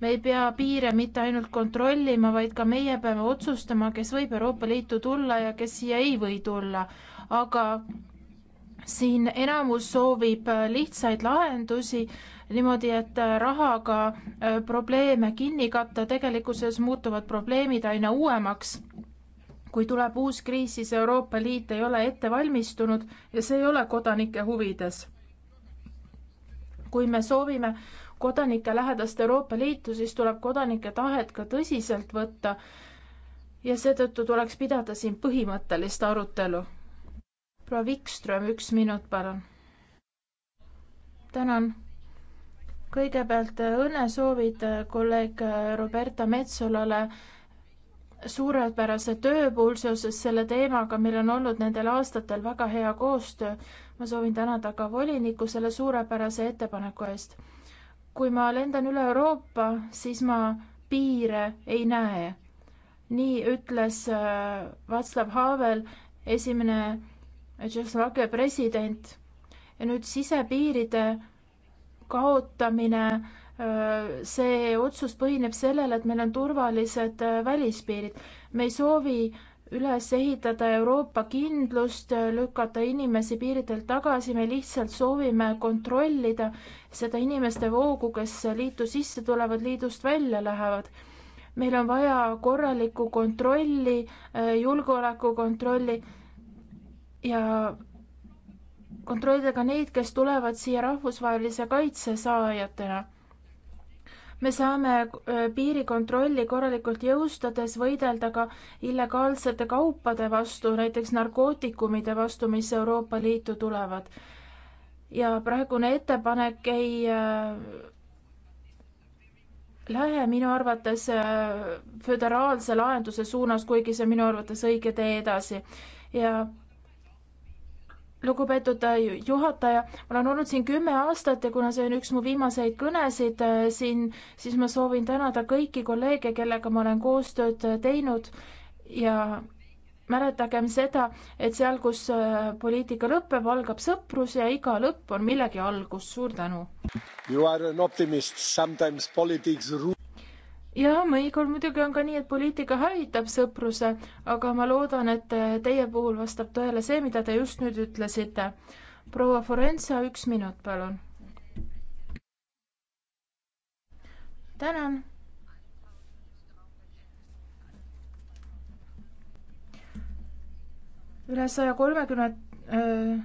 me ei pea piire mitte ainult kontrollima, vaid ka meie peame otsustama, kes võib Euroopa Liitu tulla ja kes siia ei või tulla. aga siin enamus soovib lihtsaid lahendusi niimoodi, et rahaga äh, probleeme kinni katta, tegelikkuses muutuvad probleemid aina uuemaks. kui tuleb uus kriis, siis Euroopa Liit ei ole ette valmistunud ja see ei ole kodanike huvides. kui me soovime kodanike lähedast Euroopa Liitu, siis tuleb kodanike tahet ka tõsiselt võtta ja seetõttu tuleks pidada siin põhimõttelist arutelu. proua Wikström, üks minut, palun. tänan. kõigepealt äh, õnnesoovid äh, kolleeg äh, Roberta Metsolale suurepärase töö puhul seoses selle teemaga, meil on olnud nendel aastatel väga hea koostöö. ma soovin tänada ka volinikku selle suurepärase ettepaneku eest kui ma lendan üle Euroopa, siis ma piire ei näe. nii ütles äh, Václav Havel, esimene Tšehhoslovakkia president. ja nüüd sisepiiride kaotamine, äh, see otsus põhineb sellele, et meil on turvalised äh, välispiirid. me ei soovi üles ehitada Euroopa kindlust, lükata inimesi piiridelt tagasi, me lihtsalt soovime kontrollida seda inimeste voogu, kes liitu sisse tulevad, liidust välja lähevad. meil on vaja korralikku kontrolli, äh, julgeolekukontrolli ja kontrollida ka neid, kes tulevad siia rahvusvahelise kaitse saajatena me saame äh, piirikontrolli korralikult jõustades võidelda ka illegaalsete kaupade vastu, näiteks narkootikumide vastu, mis Euroopa Liitu tulevad. ja praegune ettepanek ei äh, lähe minu arvates äh, föderaalse lahenduse suunas, kuigi see on minu arvates õige tee edasi ja lugupeetud äh, juhataja, ma olen olnud siin kümme aastat ja kuna see on üks mu viimaseid kõnesid äh, siin, siis ma soovin tänada kõiki kolleege, kellega ma olen koostööd äh, teinud ja mäletagem seda, et seal, kus poliitika lõpeb, algab sõprus ja iga lõpp on millegi algus. suur tänu! ja mõnikord muidugi on ka nii, et poliitika hävitab sõpruse, aga ma loodan, et teie puhul vastab tõele see, mida te just nüüd ütlesite. proua Forenza, üks minut, palun. tänan. üle saja kolmekümne äh,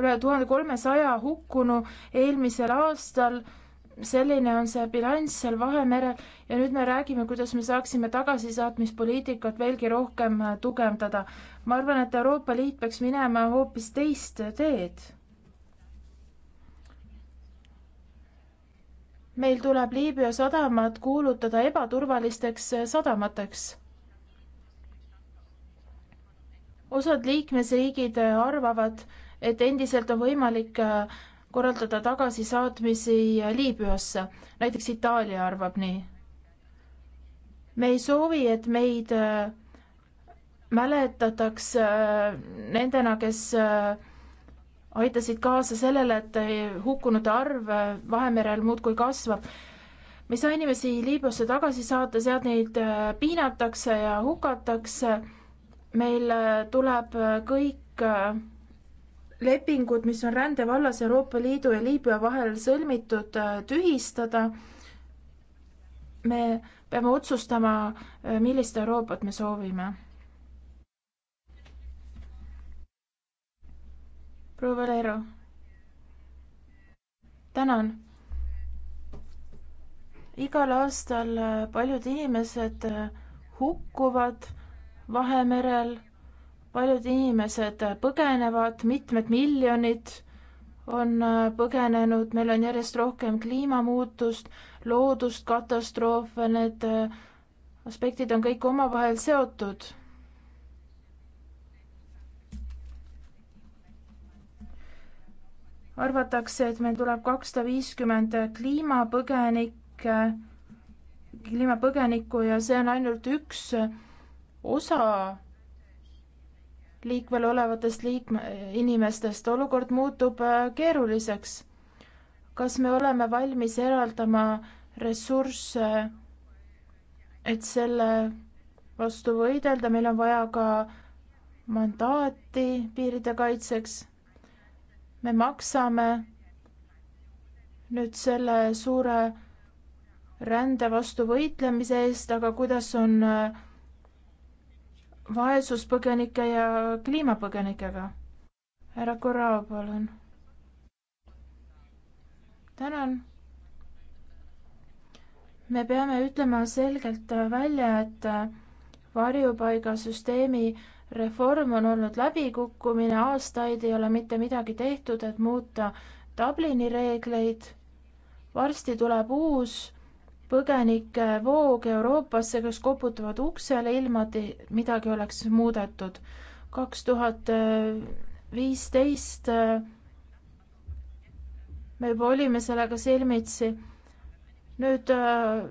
üle tuhande kolmesaja hukkunu eelmisel aastal selline on see bilanss seal Vahemerel ja nüüd me räägime, kuidas me saaksime tagasisaatmispoliitikat veelgi rohkem äh, tugevdada. ma arvan, et Euroopa Liit peaks minema hoopis teist teed. meil tuleb Liibüa sadamad kuulutada ebaturvalisteks äh, sadamateks osad liikmesriigid äh, arvavad, et endiselt on võimalik korraldada tagasisaatmisi Liibüasse, näiteks Itaalia arvab nii. me ei soovi, et meid äh, mäletatakse äh, nendena, kes äh, aitasid kaasa sellele, et hukkunute arv Vahemerel muudkui kasvab. me ei saa inimesi Liibüasse tagasi saata, sealt neid piinatakse ja hukatakse. meil tuleb kõik lepingud, mis on rände vallas Euroopa Liidu ja Liibüa vahel sõlmitud, äh, tühistada. me peame otsustama, äh, millist Euroopat me soovime. proua Valero. tänan. igal aastal äh, paljud inimesed hukkuvad Vahemerel paljud inimesed põgenevad, mitmed miljonid on äh, põgenenud, meil on järjest rohkem kliimamuutust, loodust, katastroofe, need äh, aspektid on kõik omavahel seotud. arvatakse, et meil tuleb kakssada viiskümmend kliimapõgenikke, kliimapõgenikku ja see on ainult üks osa liikvel olevatest liikme, inimestest, olukord muutub äh, keeruliseks. kas me oleme valmis eraldama ressursse, et selle vastu võidelda, meil on vaja ka mandaati piiride kaitseks. me maksame nüüd selle suure rände vastu võitlemise eest, aga kuidas on äh, vaesuspõgenike ja kliimapõgenikega. härra Korrao, palun. tänan. me peame ütlema selgelt välja, et varjupaigasüsteemi reform on olnud läbikukkumine, aastaid ei ole mitte midagi tehtud, et muuta Dublini reegleid. varsti tuleb uus põgenike voog Euroopasse, kes koputavad uksele, ilma et midagi oleks muudetud. kaks tuhat viisteist äh, me juba olime sellega silmitsi. nüüd äh,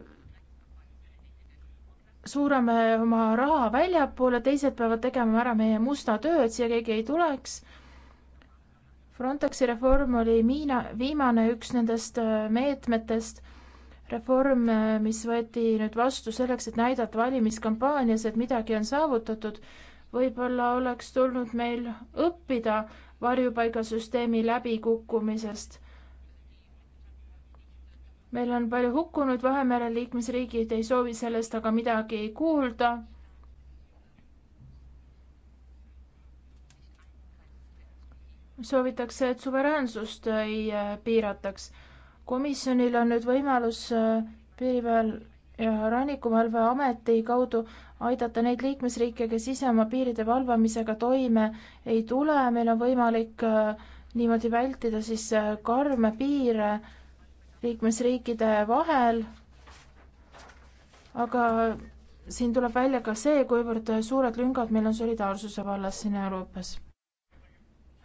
suurame oma raha väljapoole, teised peavad tegema ära meie musta töö, et siia keegi ei tuleks. Frontexi reform oli miina, viimane üks nendest äh, meetmetest reform, äh, mis võeti nüüd vastu selleks, et näidata valimiskampaanias, et midagi on saavutatud, võib-olla oleks tulnud meil õppida varjupaigasüsteemi läbikukkumisest. meil on palju hukkunud, Vahemere liikmesriigid ei soovi sellest aga midagi kuulda soovitakse, et suveräänsust ei äh, piirataks komisjonil on nüüd võimalus äh, piirivalve ja rannikuvalve ameti kaudu aidata neid liikmesriike, kes ise oma piiride valvamisega toime ei tule, meil on võimalik äh, niimoodi vältida siis äh, karme piire liikmesriikide vahel. aga siin tuleb välja ka see, kuivõrd suured lüngad meil on solidaarsuse vallas siin Euroopas.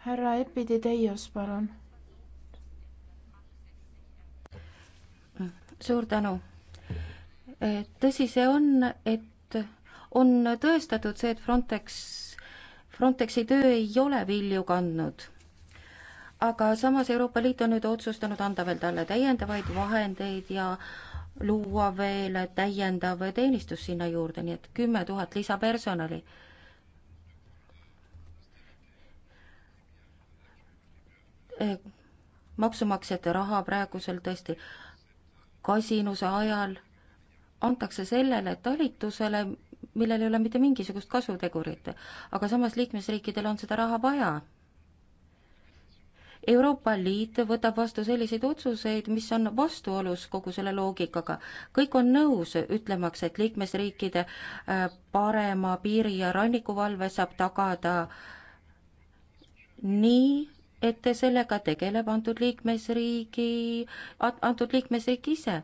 härra Epideios, palun suur tänu. E, tõsi see on, et on tõestatud see, et Frontex, Frontexi töö ei ole vilju kandnud aga samas Euroopa Liit on nüüd otsustanud anda veel talle täiendavaid vahendeid ja luua veel täiendav teenistus sinna juurde, nii et kümme tuhat lisapersonali. E, maksumaksjate raha praegusel tõesti kasinuse ajal antakse sellele talitusele, millel ei ole mitte mingisugust kasutegurit, aga samas liikmesriikidel on seda raha vaja. Euroopa Liit võtab vastu selliseid otsuseid, mis on vastuolus kogu selle loogikaga. kõik on nõus ütlemaks, et liikmesriikide äh, parema piiri- ja rannikuvalve saab tagada nii et sellega tegeleb antud liikmesriigi, antud liikmesriik ise.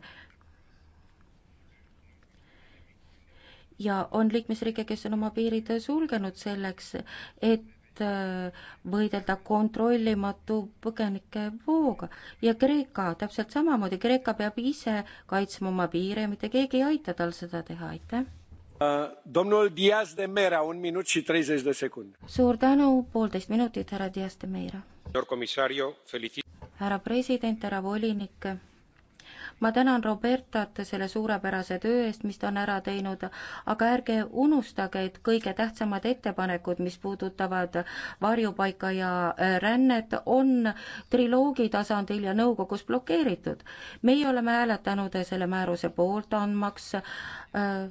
ja on liikmesriike, kes on oma piirid sulgenud selleks, et äh, võidelda kontrollimatu põgenike vooga. ja Kreeka täpselt samamoodi, Kreeka peab ise kaitsma oma piire ja mitte keegi ei aita tal seda teha, aitäh. Äh, domnul Diaz de Mera, un minut și treizeci de secunde. suur tänu, poolteist minutit, härra Diaz de Mera härra president, härra volinik, ma tänan Robertat selle suurepärase töö eest, mis ta on ära teinud, aga ärge unustage, et kõige tähtsamad ettepanekud, mis puudutavad varjupaika ja äh, rännet, on triloogi tasandil ja nõukogus blokeeritud. meie oleme hääletanud selle määruse poolt, andmaks äh,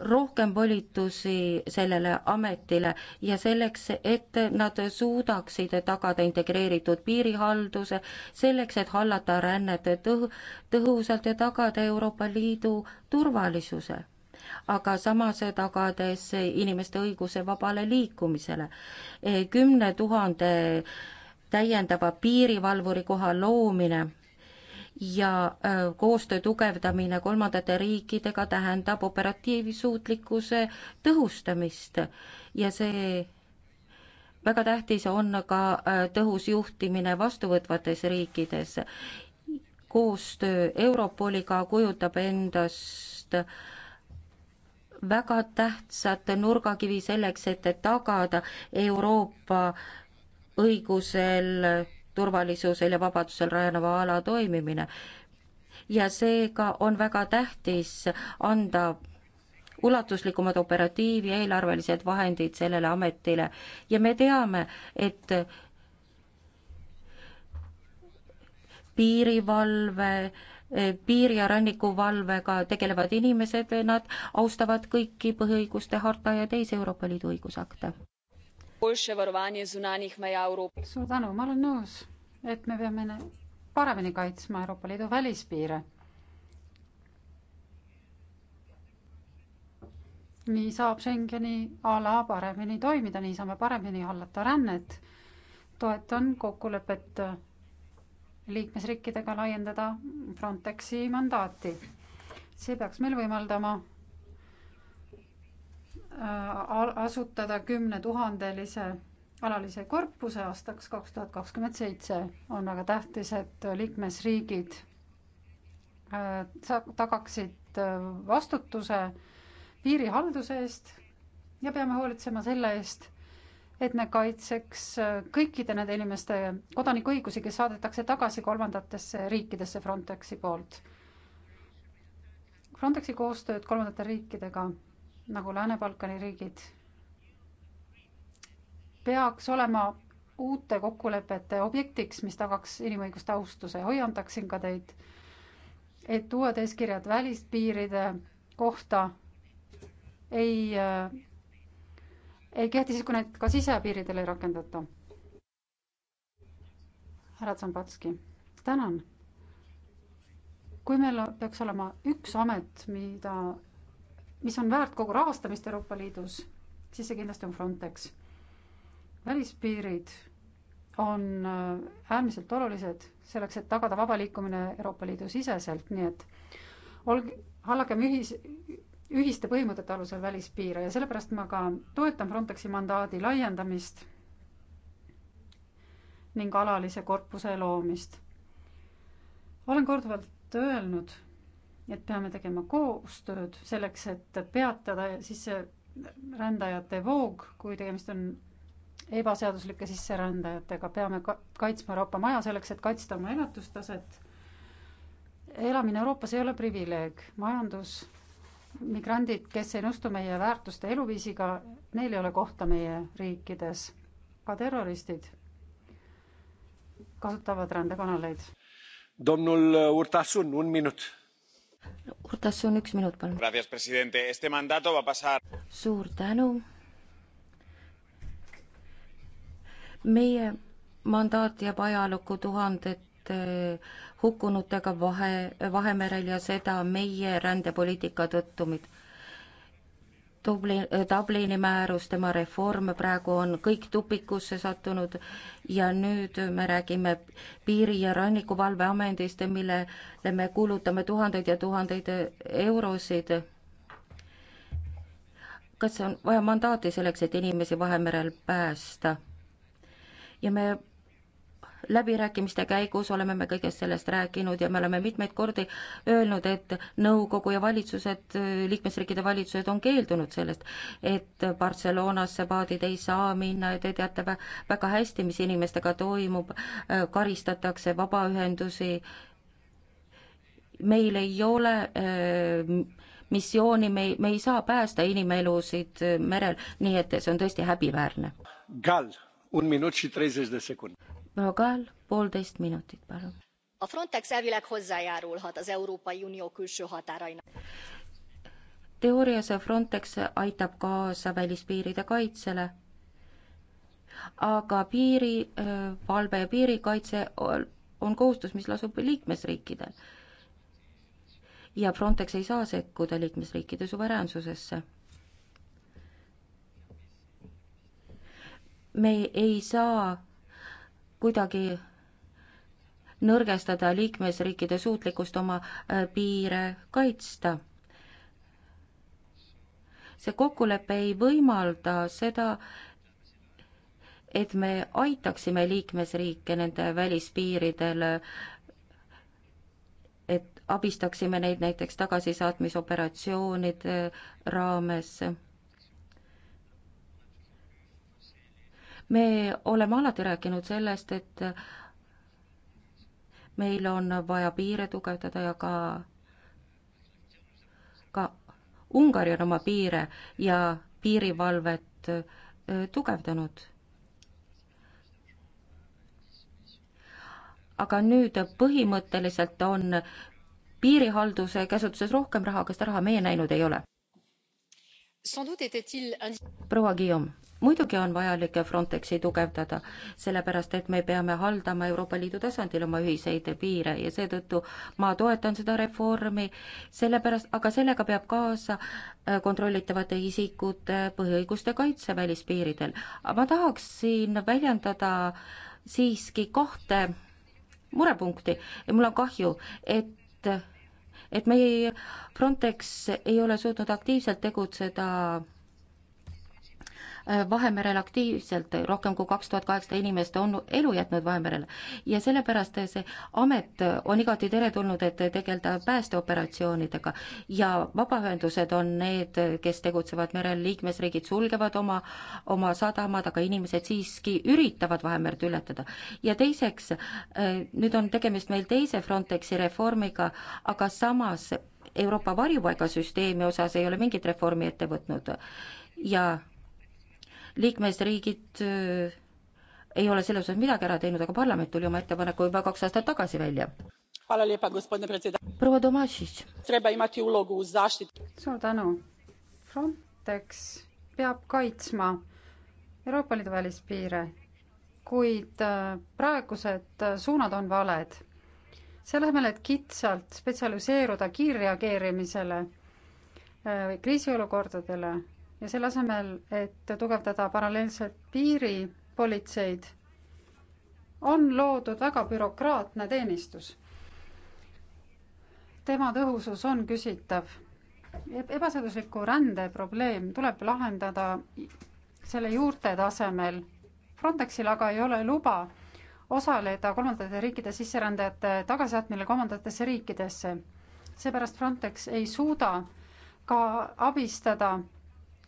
rohkem volitusi sellele ametile ja selleks, et nad suudaksid tagada integreeritud piirihalduse, selleks, et hallata rännet tõh-, tõhusalt ja tagada Euroopa Liidu turvalisuse. aga samas tagades inimeste õiguse vabale liikumisele. kümne tuhande täiendava piirivalvuri koha loomine ja äh, koostöö tugevdamine kolmandate riikidega tähendab operatiivsuutlikkuse tõhustamist ja see väga tähtis on ka äh, tõhus juhtimine vastuvõtvates riikides. koostöö Europoliga kujutab endast väga tähtsat nurgakivi selleks, et tagada Euroopa õigusel turvalisusel ja vabadusel rajaneva ala toimimine. ja seega on väga tähtis anda ulatuslikumad operatiiv- ja eelarvelised vahendid sellele ametile ja me teame, et piirivalve piiri- ja rannikuvalvega tegelevad inimesed, nad austavad kõiki põhiõiguste harta ja teisi Euroopa Liidu õigusakte boljše varovanje zunanjih meja Euroopa. suur tänu, ma olen nõus, et me peame paremini kaitsma Euroopa Liidu välispiire. nii saab Schengeni ala paremini toimida, nii saame paremini hallata rännet. toetan kokkulepet liikmesriikidega laiendada Frontexi mandaati. see peaks meil võimaldama Äh, asutada kümnetuhandelise alalise korpuse aastaks kaks tuhat kakskümmend seitse. on väga tähtis, et liikmesriigid äh, tagaksid äh, vastutuse piirihalduse eest ja peame hoolitsema selle eest, et me kaitseks kõikide nende inimeste kodanikuõigusi, kes saadetakse tagasi kolmandatesse riikidesse Frontexi poolt. Frontexi koostööd kolmandate riikidega nagu Lääne-Balkani riigid, peaks olema uute kokkulepete objektiks, mis tagaks inimõiguste austuse. hoiandaksin ka teid, et uued eeskirjad välispiiride kohta ei, ei kehti siis, kui neid ka sisepiiridel ei rakendata. härra Zambatski, tänan. kui meil peaks olema üks amet, mida mis on väärt kogu rahastamist Euroopa Liidus, siis see kindlasti on Frontex. välispiirid on äh, äärmiselt olulised selleks, et tagada vaba liikumine Euroopa Liidu siseselt, nii et olge, hallakem ühis, ühiste põhimõtete alusel välispiire ja sellepärast ma ka toetan Frontexi mandaadi laiendamist ning alalise korpuse loomist. olen korduvalt öelnud et peame tegema koostööd selleks, et peatada sisserändajate voog, kui tegemist on ebaseaduslike sisserändajatega, peame ka kaitsma Euroopa maja selleks, et kaitsta oma elatustaset. elamine Euroopas ei ole privileeg, majandus, migrandid, kes ei nõustu meie väärtuste eluviisiga, neil ei ole kohta meie riikides. ka terroristid kasutavad rändekanaleid. Domnul Urtasun, un minut Urtasun, üks minut, palun. suur tänu. meie mandaat jääb ajalukku tuhandete hukkunutega vahe, Vahemerel ja seda meie rändepoliitika tõttu, mida Dublin, Dublini määrus, tema reform praegu on kõik tupikusse sattunud ja nüüd me räägime Piiri- ja Rannikuvalveametist, millele me kulutame tuhandeid ja tuhandeid eurosid. kas on vaja mandaati selleks, et inimesi Vahemerel päästa? ja me läbirääkimiste käigus oleme me kõigest sellest rääkinud ja me oleme mitmeid kordi öelnud, et nõukogu ja valitsused, liikmesriikide valitsused on keeldunud sellest, et Barcelonasse paadid ei saa minna ja te teate väga hästi, mis inimestega toimub, karistatakse vabaühendusi. meil ei ole eh, missiooni, me ei, me ei saa päästa inimelusid eh, merel, nii et see on tõesti häbiväärne. Gal, un minut și treizeci de secunde Rogal, poolteist minutit, palun. A Frontex elvileg hozzájárulhat az Európai Unió külső határainak teoorias Frontex aitab kaasa välispiiride kaitsele, aga piirivalve ja piirikaitse on kohustus, mis lasub liikmesriikidel. ja Frontex ei saa sekkuda liikmesriikide suveräänsusesse. me ei saa kuidagi nõrgestada liikmesriikide suutlikkust oma äh, piire kaitsta. see kokkulepe ei võimalda seda, et me aitaksime liikmesriike nende välispiiridel, et abistaksime neid näiteks tagasisaatmisoperatsioonide raames me oleme alati rääkinud sellest, et meil on vaja piire tugevdada ja ka, ka Ungari on oma piire ja piirivalvet tugevdanud. aga nüüd põhimõtteliselt on piirihalduse käsutuses rohkem raha, aga seda raha meie näinud ei ole proua Guillaume, muidugi on vajalik Frontexi tugevdada, sellepärast et me peame haldama Euroopa Liidu tasandil oma ühiseid piire ja seetõttu ma toetan seda reformi, sellepärast, aga sellega peab kaasa äh, kontrollitavate isikute põhiõiguste kaitse välispiiridel. ma tahaksin väljendada siiski kahte murepunkti ja mul on kahju, et et meie Frontex ei ole suutnud aktiivselt tegutseda Äh, Vahemerel aktiivselt, rohkem kui kaks tuhat kaheksasada inimest on elu jätnud Vahemerel ja sellepärast see amet on igati teretulnud, et tegeleda päästeoperatsioonidega ja vabaühendused on need, kes tegutsevad merel, liikmesriigid sulgevad oma, oma sadamad, aga inimesed siiski üritavad Vahemerd ületada. ja teiseks, äh, nüüd on tegemist meil teise Frontexi reformiga, aga samas Euroopa varjupaigasüsteemi osas ei ole mingit reformi ette võtnud ja liikmesriigid äh, ei ole selle osas midagi ära teinud, aga parlament tuli oma ettepaneku juba kaks aastat tagasi välja. proua Tomašič. suur tänu. Frontex peab kaitsma Euroopa Liidu välispiire, kuid äh, praegused äh, suunad on valed. selle asemel, et kitsalt spetsialiseeruda kiirreageerimisele, kriisiolukordadele ja selle asemel, et tugevdada paralleelselt piiripolitseid, on loodud väga bürokraatne teenistus. tema tõhusus on küsitav ebaseadusliku rände probleem tuleb lahendada selle juurte tasemel. Frontexil aga ei ole luba osaleda kolmandate riikide sisserändajate tagasisaatmine kolmandatesse riikidesse. seepärast Frontex ei suuda ka abistada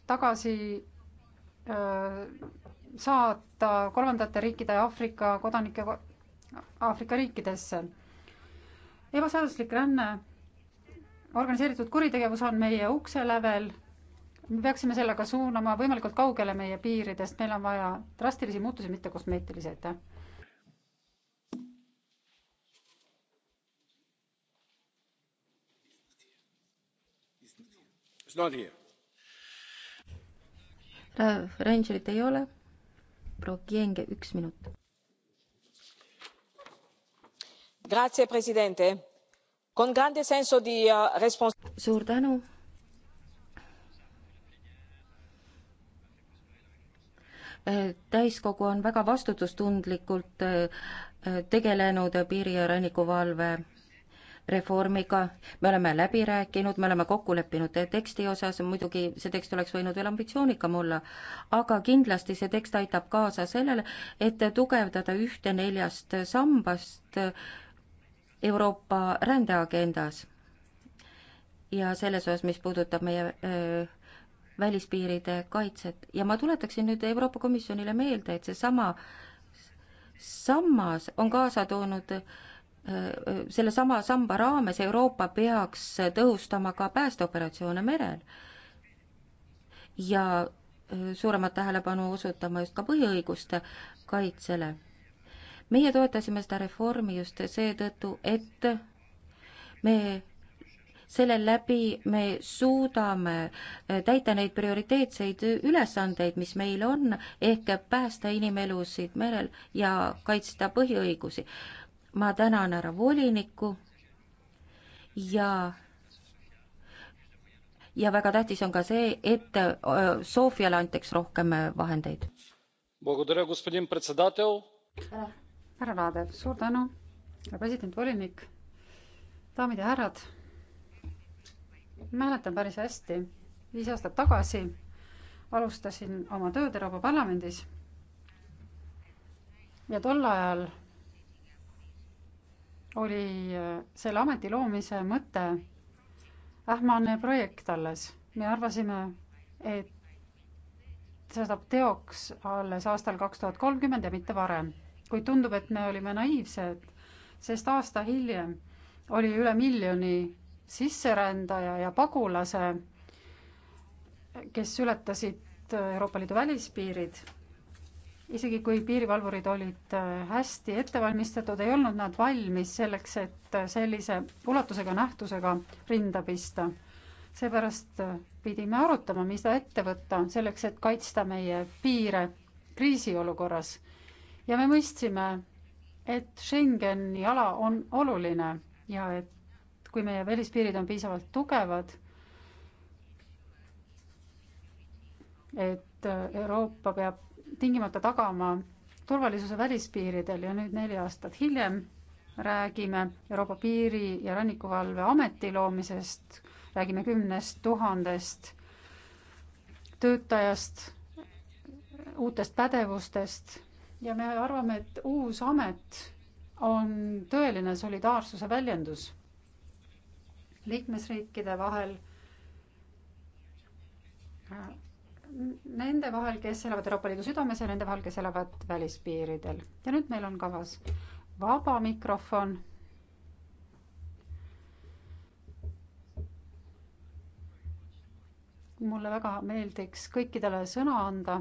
tagasi äh, saata kolmandate riikide Aafrika kodanike Aafrika riikidesse. ebaseaduslik ränne, organiseeritud kuritegevus on meie ukse lävel. me peaksime sellega suunama võimalikult kaugele meie piiridest, meil on vaja drastilisi muutusi, mitte kosmeetilisi, aitäh. It's not here. Äh, Rangerit ei ole. proua Kienge, üks minut. Grazie, president. Con grande senso di äh, respons-. suur tänu. Äh, täiskogu on väga vastutustundlikult tegelenud piiri ja rannikuvalve reformiga, me oleme läbi rääkinud, me oleme kokku leppinud teksti osas, muidugi see tekst oleks võinud veel ambitsioonikam olla, aga kindlasti see tekst aitab kaasa sellele, et tugevdada ühte neljast sambast Euroopa rändeagendas. ja selles osas, mis puudutab meie öö, välispiiride kaitset ja ma tuletaksin nüüd Euroopa Komisjonile meelde, et seesama sammas on kaasa toonud öö, sellesama samba raames Euroopa peaks tõhustama ka päästeoperatsioone merel ja suuremat tähelepanu osutama just ka põhiõiguste kaitsele. meie toetasime seda reformi just seetõttu, et me selle läbi me suudame täita neid prioriteetseid ülesandeid, mis meil on, ehk päästa inimelusid merel ja kaitsta põhiõigusi ma tänan härra volinikku ja ja väga tähtis on ka see, et Sofiale antaks rohkem vahendeid. härra Laadev, suur tänu, härra president, volinik, daamid ja härrad. mäletan päris hästi, viis aastat tagasi alustasin oma tööd Euroopa Parlamendis. ja tol ajal oli äh, selle ameti loomise mõte ähmane ah, projekt alles. me arvasime, et see saab teoks alles aastal kaks tuhat kolmkümmend ja mitte varem. kuid tundub, et me olime naiivsed, sest aasta hiljem oli üle miljoni sisserändaja ja pagulase, kes ületasid äh, Euroopa Liidu välispiirid isegi kui piirivalvurid olid äh, hästi ette valmistatud, ei olnud nad valmis selleks, et äh, sellise ulatusega nähtusega rinda pista. seepärast äh, pidime arutama, mida ette võtta selleks, et kaitsta meie piire kriisiolukorras. ja me mõistsime, et Schengeni ala on oluline ja et kui meie välispiirid on piisavalt tugevad, et Euroopa peab tingimata tagama turvalisuse välispiiridel ja nüüd neli aastat hiljem räägime Euroopa Piiri- ja Rannikuvalve Ameti loomisest, räägime kümnest tuhandest töötajast, uutest pädevustest ja me arvame, et uus amet on tõeline solidaarsuse väljendus liikmesriikide vahel nende vahel, kes elavad Euroopa Liidu südames ja nende vahel, kes elavad välispiiridel. ja nüüd meil on kavas vaba mikrofon. mulle väga meeldiks kõikidele sõna anda,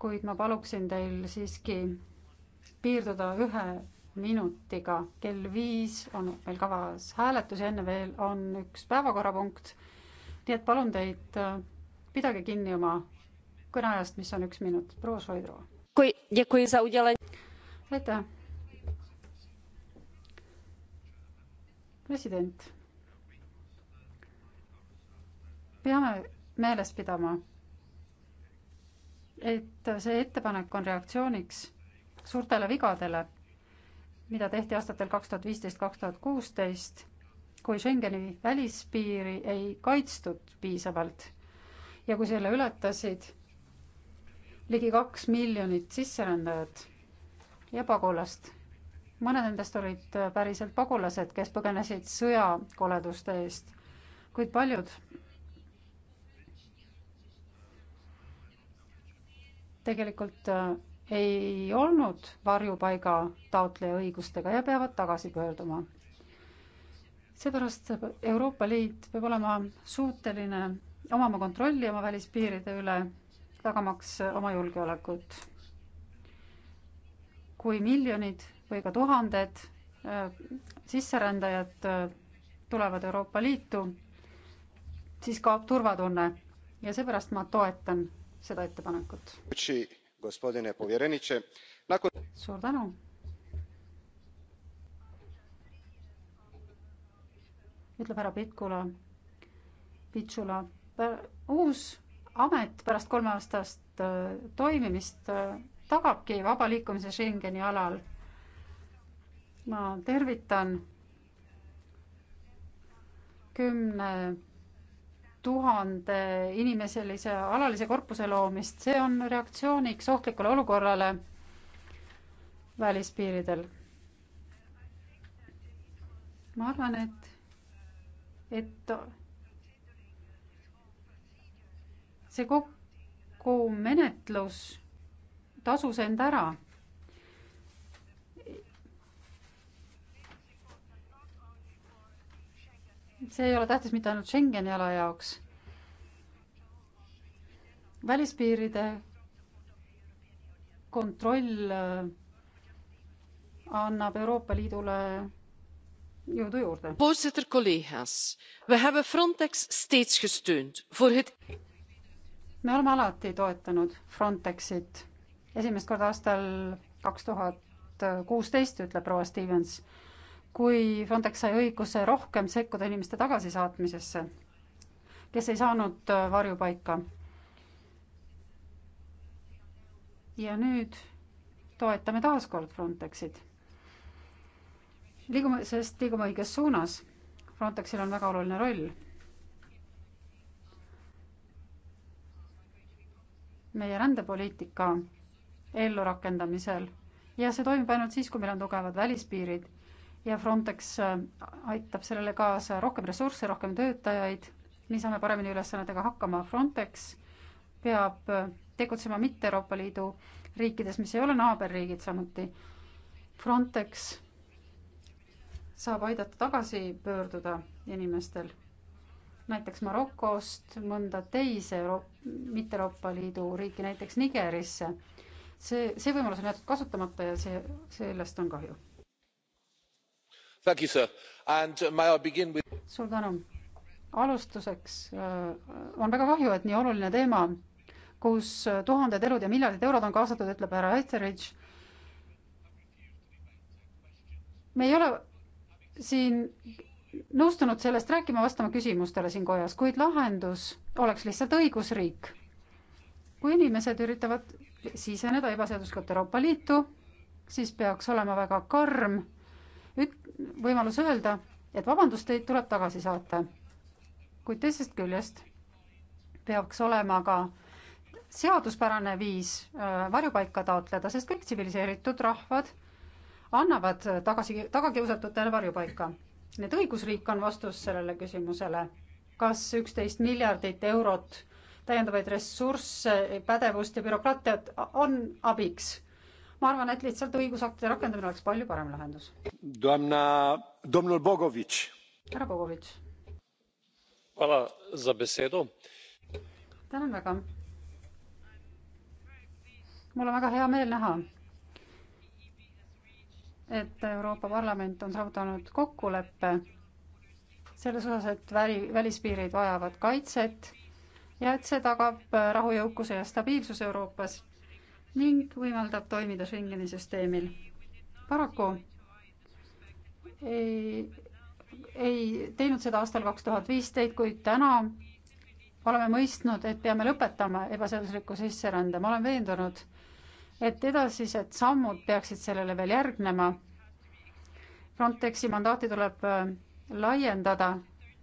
kuid ma paluksin teil siiski piirduda ühe minutiga. kell viis on meil kavas hääletus ja enne veel on üks päevakorrapunkt. nii et palun teid äh, pidage kinni oma kõneajast, mis on üks minut. proua Šoidrova. aitäh. president. peame meeles pidama, et see ettepanek on reaktsiooniks suurtele vigadele, mida tehti aastatel kaks tuhat viisteist, kaks tuhat kuusteist, kui Schengeni välispiiri ei kaitstud piisavalt ja kui selle ületasid ligi kaks miljonit sisserändajat ja pagulast. mõned nendest olid päriselt pagulased, kes põgenesid sõjakoleduste eest, kuid paljud tegelikult äh, ei olnud varjupaiga taotleja õigustega ja peavad tagasi pöörduma. seepärast Euroopa Liit peab olema suuteline omama kontrolli oma välispiiride üle, tagamaks oma julgeolekut. kui miljonid või ka tuhanded äh, sisserändajad äh, tulevad Euroopa Liitu, siis kaob turvatunne ja seepärast ma toetan seda ettepanekut. suur tänu. ütleb härra Pikula, Pitsula uus amet pärast kolmeaastast äh, toimimist äh, tagabki vaba liikumise Schengeni alal. ma tervitan kümne tuhande inimeselise alalise korpuse loomist, see on reaktsiooniks ohtlikule olukorrale välispiiridel. ma arvan, et, et see kokku menetlus tasus end ära. see ei ole tähtis mitte ainult Schengeni ala jaoks. välispiiride kontroll äh, annab Euroopa Liidule voorzitter collega's we hebben frontex steeds gesteund voor het me oleme alati toetanud Frontexit. esimest korda aastal kaks tuhat kuusteist, ütleb proua Stevens, kui Frontex sai õiguse rohkem sekkuda inimeste tagasisaatmisesse, kes ei saanud äh, varjupaika. ja nüüd toetame taas kord Frontexit. liigume, sest liigume õiges suunas. Frontexil on väga oluline roll meie rändepoliitika ellurakendamisel ja see toimib ainult siis, kui meil on tugevad välispiirid ja Frontex äh, aitab sellele kaasa rohkem ressursse, rohkem töötajaid, nii saame paremini ülesannetega hakkama. Frontex peab äh, tegutsema mitte Euroopa Liidu riikides, mis ei ole naaberriigid samuti. Frontex saab aidata tagasi pöörduda inimestel näiteks Marokost mõnda teise Euro-, mitte Euroopa Liidu riiki, näiteks Nigerisse. see, see võimalus on jäetud kasutamata ja see, sellest on kahju. With... suur tänu. alustuseks äh, on väga kahju, et nii oluline teema, kus tuhanded elud ja miljardid eurod on kaasatud, ütleb härra Etheridge. me ei ole siin nõustunud sellest rääkima, vastama küsimustele siin kojas, kuid lahendus oleks lihtsalt õigusriik. kui inimesed üritavad siseneda ebaseaduslikult Euroopa Liitu, siis peaks olema väga karm üt-, võimalus öelda, et vabandust, teid tuleb tagasi saata. kuid teisest küljest peaks olema ka seaduspärane viis äh, varjupaika taotleda, sest kõik tsiviliseeritud rahvad annavad tagasi, tagakiusatutele varjupaika nii et õigusriik on vastus sellele küsimusele, kas üksteist miljardit eurot täiendavaid ressursse, pädevust ja bürokraatiat on abiks. ma arvan, et lihtsalt õigusaktide rakendamine oleks palju parem lahendus. härra Bogovitš. tänan väga. mul on väga hea meel näha, et Euroopa Parlament on saavutanud kokkuleppe selles osas, et väli, välispiirid vajavad kaitset ja et see tagab rahu, jõukuse ja stabiilsuse Euroopas ning võimaldab toimida Schengeni süsteemil. paraku ei, ei teinud seda aastal kaks tuhat viisteist, kuid täna oleme mõistnud, et peame lõpetama ebaseadusliku sisserände, ma olen veendunud et edasised sammud peaksid sellele veel järgnema. Frontexi mandaati tuleb äh, laiendada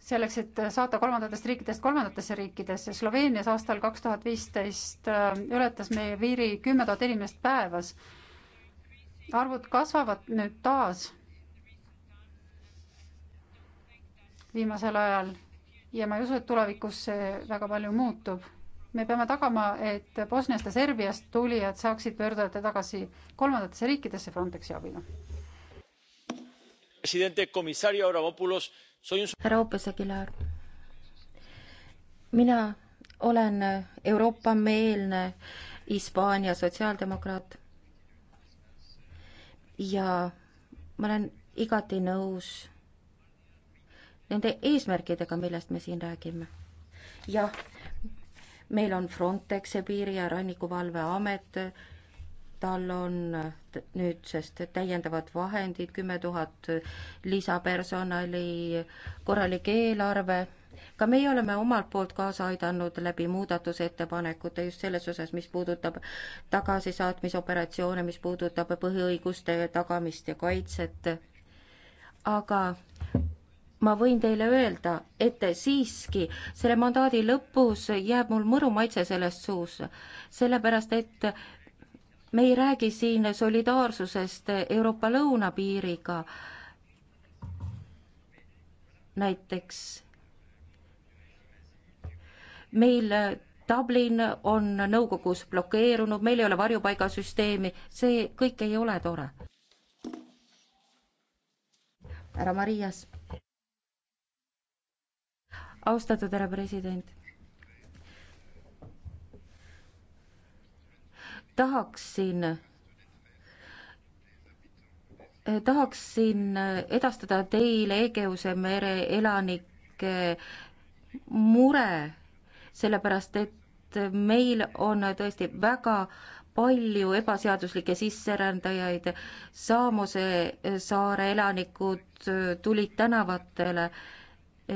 selleks, et saata kolmandatest riikidest kolmandatesse riikidesse. Sloveenias aastal kaks tuhat viisteist äh, ületas meie piiri kümme tuhat inimest päevas. arvud kasvavad nüüd taas viimasel ajal ja ma ei usu, et tulevikus see väga palju muutub me peame tagama, et Bosniast ja Serbiast tulijad saaksid pöörduda tagasi kolmandatesse riikidesse Frontexi abil. härra Opusekilar, mina olen Euroopa-meelne Hispaania sotsiaaldemokraat ja ma olen igati nõus nende eesmärkidega, millest me siin räägime. jah meil on Frontex ja Piiri- ja Rannikuvalveamet, tal on nüüdsest täiendavad vahendid, kümme tuhat lisapersonali, korralik eelarve, ka meie oleme omalt poolt kaasa aidanud läbi muudatusettepanekute just selles osas, mis puudutab tagasisaatmisoperatsioone, mis puudutab põhiõiguste tagamist ja kaitset, aga ma võin teile öelda, et siiski selle mandaadi lõpus jääb mul mõru maitse sellest suus, sellepärast et me ei räägi siin solidaarsusest Euroopa lõunapiiriga. näiteks meil Dublin on nõukogus blokeerunud, meil ei ole varjupaigasüsteemi, see kõik ei ole tore. härra Marias austatud härra president. tahaksin tahaksin edastada teile Egeuse mere elanike mure, sellepärast et meil on tõesti väga palju ebaseaduslikke sisserändajaid, Saamose saare elanikud tulid tänavatele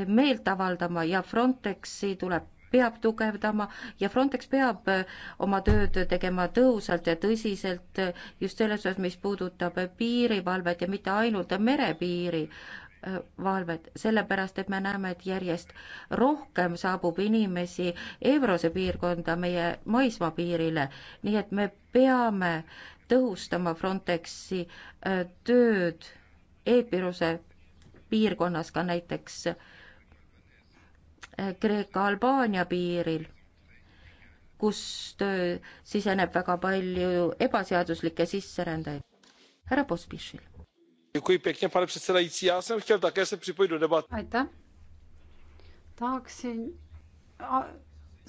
meelt avaldama ja Frontexi tuleb peab tugevdama ja Frontex peab äh, oma tööd tegema tõhusalt ja tõsiselt äh, just selles osas, mis puudutab äh, piirivalvet ja mitte ainult merepiiri valvet, sellepärast et me näeme, et järjest rohkem saabub inimesi Evrose piirkonda meie maismaapiirile, nii et me peame tõhustama Frontexi tööd e-piruse piirkonnas ka näiteks äh, Kreeka-Albaania piiril, kust siseneb väga palju ebaseaduslikke sisserändajaid. härra Pospišil. aitäh. tahaksin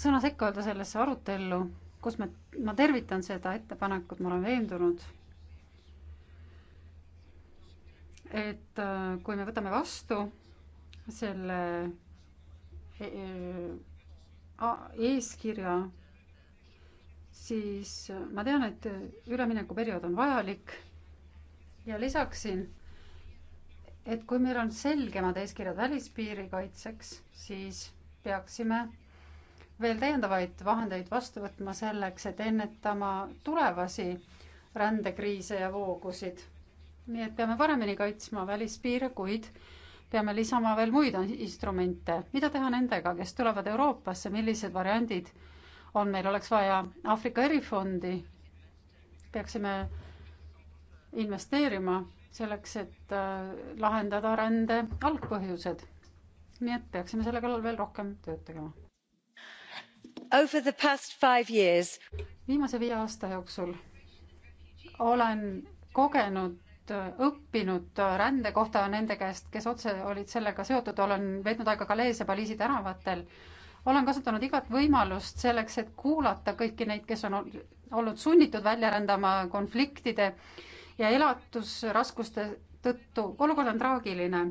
sõna sekka öelda sellesse arutellu, kus me, ma tervitan seda ettepanekut, ma olen veendunud, et äh, kui me võtame vastu selle E, e, eeskirja, siis äh, ma tean, et üleminekuperiood on vajalik ja lisaksin, et kui meil on selgemad eeskirjad välispiiri kaitseks, siis peaksime veel täiendavaid vahendeid vastu võtma selleks, et ennetama tulevasi rändekriise ja voogusid. nii et peame paremini kaitsma välispiire, kuid peame lisama veel muid instrumente, mida teha nendega, kes tulevad Euroopasse, millised variandid on, meil oleks vaja Aafrika erifondi, peaksime investeerima selleks, et äh, lahendada rände algpõhjused. nii et peaksime selle kallal veel rohkem tööd tegema. viimase viie aasta jooksul olen kogenud Äh, õppinud äh, rände kohta nende käest, kes otse olid sellega seotud, olen veetnud aega Galees ja Pariisi tänavatel. olen kasutanud igat võimalust selleks, et kuulata kõiki neid, kes on olnud sunnitud välja rändama konfliktide ja elatusraskuste tõttu. olukord on traagiline.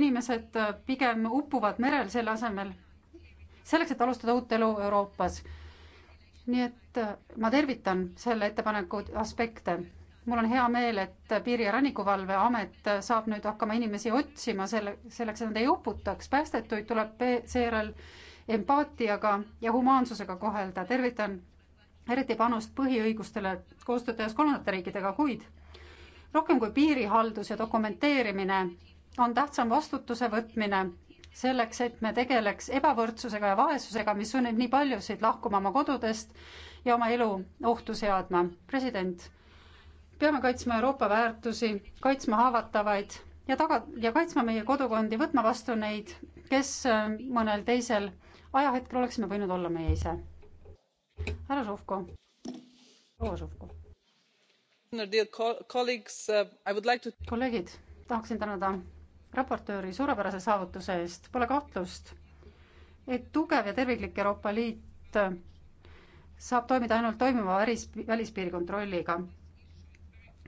inimesed äh, pigem upuvad merel selle asemel, selleks, et alustada uut elu Euroopas. nii et ma tervitan selle ettepaneku aspekte mul on hea meel, et Piiri- ja Rannikuvalveamet saab nüüd hakkama inimesi otsima selle, selleks, et nad ei uputaks. päästetuid tuleb seejärel empaatiaga ja humaansusega kohelda. tervitan eriti panust põhiõigustele koostööd tehes kolmandate riikidega, kuid rohkem kui piirihaldus ja dokumenteerimine on tähtsam vastutuse võtmine selleks, et me tegeleks ebavõrdsusega ja vaesusega, mis sunnib nii paljusid lahkuma oma kodudest ja oma elu ohtu seadma. president peame kaitsma Euroopa väärtusi, kaitsma haavatavaid ja taga, ja kaitsma meie kodukondi, võtma vastu neid, kes äh, mõnel teisel ajahetkel oleksime võinud olla meie ise. härra Žuvko, proua Žuvko. Uh, kolleegid, tahaksin tänada raportööri suurepärase saavutuse eest, pole kahtlust, et tugev ja terviklik Euroopa Liit äh, saab toimida ainult toimiva välis, välispiiri kontrolliga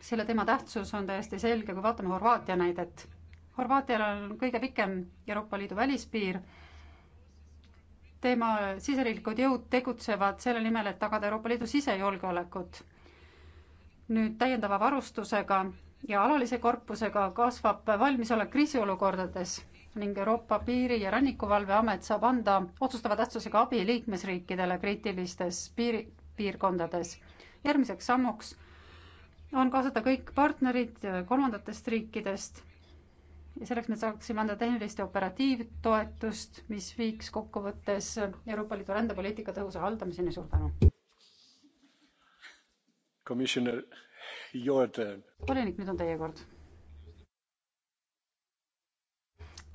selle teema tähtsus on täiesti selge, kui vaatame Horvaatia näidet. Horvaatial on kõige pikem Euroopa Liidu välispiir. tema siseriiklikud jõud tegutsevad selle nimel, et tagada Euroopa Liidu sisejulgeolekut. nüüd täiendava varustusega ja alalise korpusega kasvab valmisolek kriisiolukordades ning Euroopa Piiri- ja Rannikuvalveamet saab anda otsustava tähtsusega abi liikmesriikidele kriitilistes piiri, piirkondades. järgmiseks sammuks on kaasata kõik partnerid kolmandatest riikidest ja selleks me saaksime anda tehnilist ja operatiivtoetust, mis viiks kokkuvõttes Euroopa Liidu rändepoliitika tõhusa haldamiseni. suur tänu. Commissioner, your turn. volinik, nüüd on teie kord.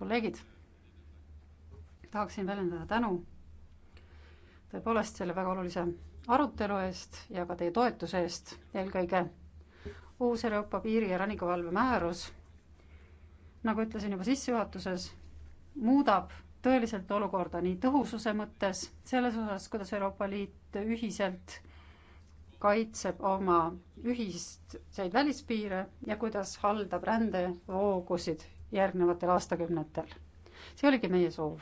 kolleegid, tahaksin väljendada tänu tõepoolest selle väga olulise arutelu eest ja ka teie toetuse eest eelkõige uus Euroopa piiri- ja rannikuvalve määrus, nagu ütlesin juba sissejuhatuses, muudab tõeliselt olukorda nii tõhususe mõttes, selles osas, kuidas Euroopa Liit ühiselt kaitseb oma ühiseid välispiire ja kuidas haldab rändevoogusid järgnevatel aastakümnetel. see oligi meie soov.